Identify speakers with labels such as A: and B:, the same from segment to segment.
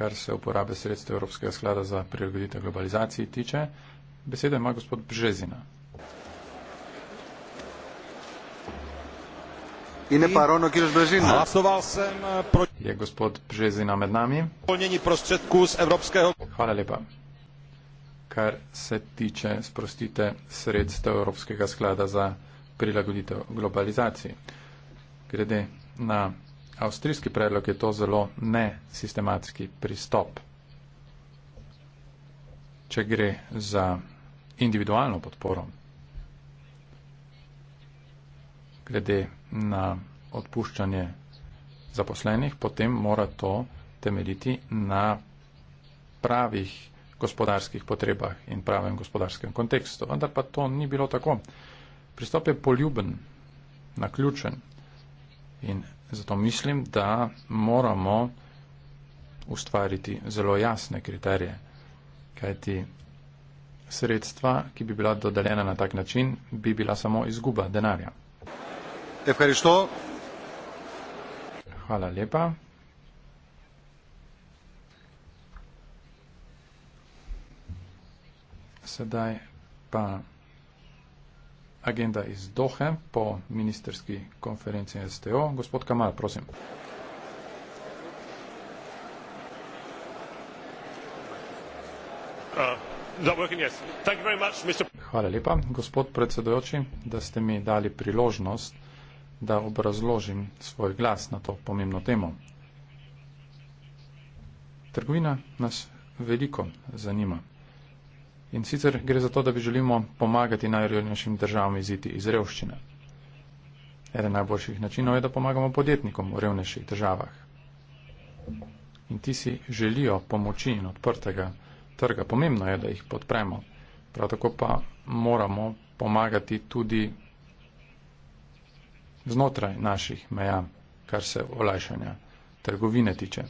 A: kar se uporabe sredstva Evropskega sklada za prilagoditev globalizaciji tiče. Besedo ima gospod Brzezina. In ne pa Rono Kiroš Brežina. Glasoval sem eh, proti. Je gospod Brežina med nami. Hvala lepa. Kar se tiče sprostite sredstev Evropskega sklada za prilagoditev globalizaciji. Glede na avstrijski predlog je to zelo nesistematski pristop. Če gre za individualno podporo, glede na odpuščanje zaposlenih, potem mora to temeljiti na pravih gospodarskih potrebah in pravem gospodarskem kontekstu. Vendar pa to ni bilo tako. Pristop je poljuben, naključen. In zato mislim, da moramo ustvariti zelo jasne kriterije, kajti sredstva, ki bi bila dodeljena na tak način, bi bila samo izguba denarja. Hvala lepa. Sedaj pa agenda iz Dohe po ministerski konferenci STO. Gospod Kamal, prosim.
B: Uh,
A: Hvala lepa, gospod predsedojoči, da ste mi dali priložnost, da obrazložim svoj glas na to pomembno temo. Trgovina nas veliko zanima. In sicer gre za to, da bi želimo pomagati najrevnejšim državam iziti iz revščine. Eden najboljših načinov je, da pomagamo podjetnikom v revnejših državah. In ti si želijo pomoči in odprtega trga. Pomembno je, da jih podpremo. Prav tako pa moramo pomagati tudi znotraj naših meja, kar se olajšanja trgovine tiče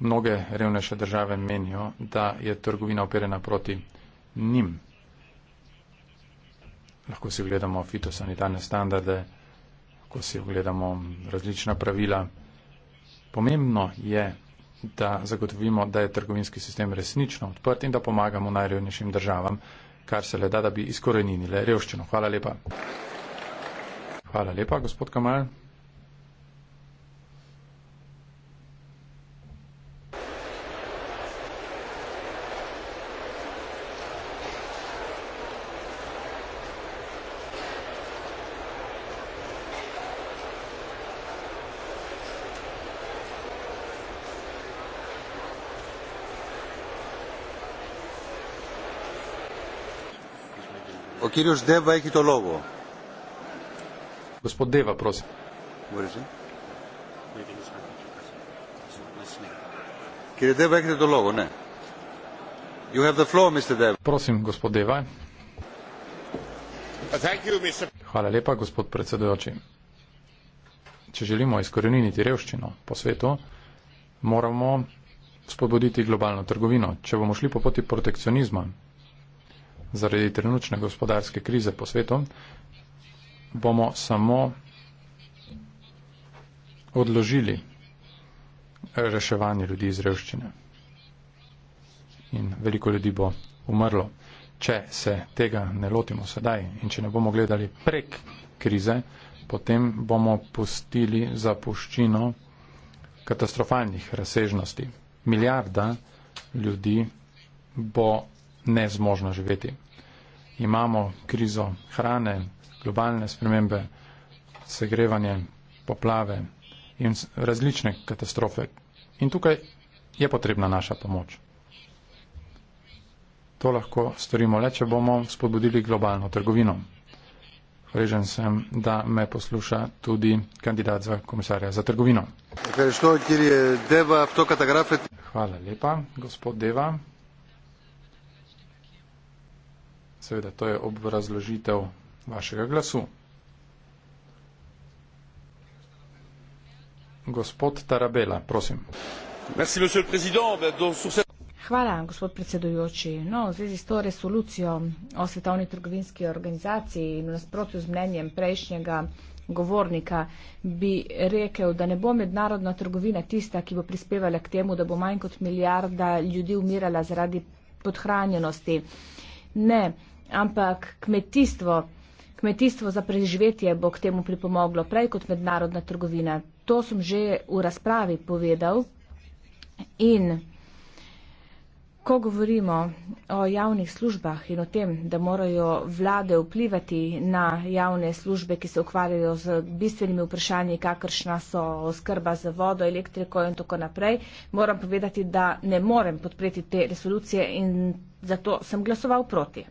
A: mnoge revnejše države menijo, da je trgovina operena proti njim. Lahko si ogledamo fitosanitarne standarde, lahko si ogledamo različna pravila. Pomembno je, da zagotovimo, da je trgovinski sistem resnično odprt in da pomagamo najrevnejšim državam, kar se le da, da bi izkoreninile revščino. Hvala lepa. Hvala lepa, gospod Kamal. gospod deva prosim
B: gospod
A: deva gospod deva prosim gospod deva prosim gospod deva ne you have the floor mister deva prosim gospod deva Hvala lepa, gospod predsedojoči. Če želimo izkoreniniti revščino po svetu, moramo spodbuditi globalno trgovino. Če bomo šli po poti protekcionizma, zaradi trenutne gospodarske krize po svetu, bomo samo odložili reševanje ljudi iz revščine. In veliko ljudi bo umrlo, če se tega ne lotimo sedaj in če ne bomo gledali prek krize, potem bomo pustili zapuščino katastrofalnih razsežnosti. Milijarda ljudi bo nezmožno živeti. Imamo krizo hrane, globalne spremembe, segrevanje, poplave in različne katastrofe. In tukaj je potrebna naša pomoč. To lahko storimo le, če bomo spodbudili globalno trgovino. Hvaležen sem, da me posluša tudi kandidat za komisarja za trgovino. Hvala lepa, gospod Deva. Seveda, to je obrazložitev vašega glasu. Gospod Tarabela, prosim. Merci,
B: Hvala, gospod predsedujoči. No, v zvezi s to resolucijo o svetovni trgovinski organizaciji in v nasprotju z mnenjem prejšnjega govornika bi rekel, da ne bo mednarodna trgovina tista, ki bo prispevala k temu, da bo manj kot milijarda ljudi umirala zaradi podhranjenosti. Uh, ne, ampak kmetijstvo, kmetijstvo za preživetje bo k temu pripomoglo prej kot mednarodna trgovina. To sem že v razpravi povedal in ko govorimo o javnih službah in o tem, da morajo vlade vplivati na javne službe, ki se ukvarjajo z bistvenimi vprašanji, kakršna so oskrba z vodo, elektriko in tako naprej, moram povedati, da ne morem podpreti te resolucije in Zato sem glasoval proti.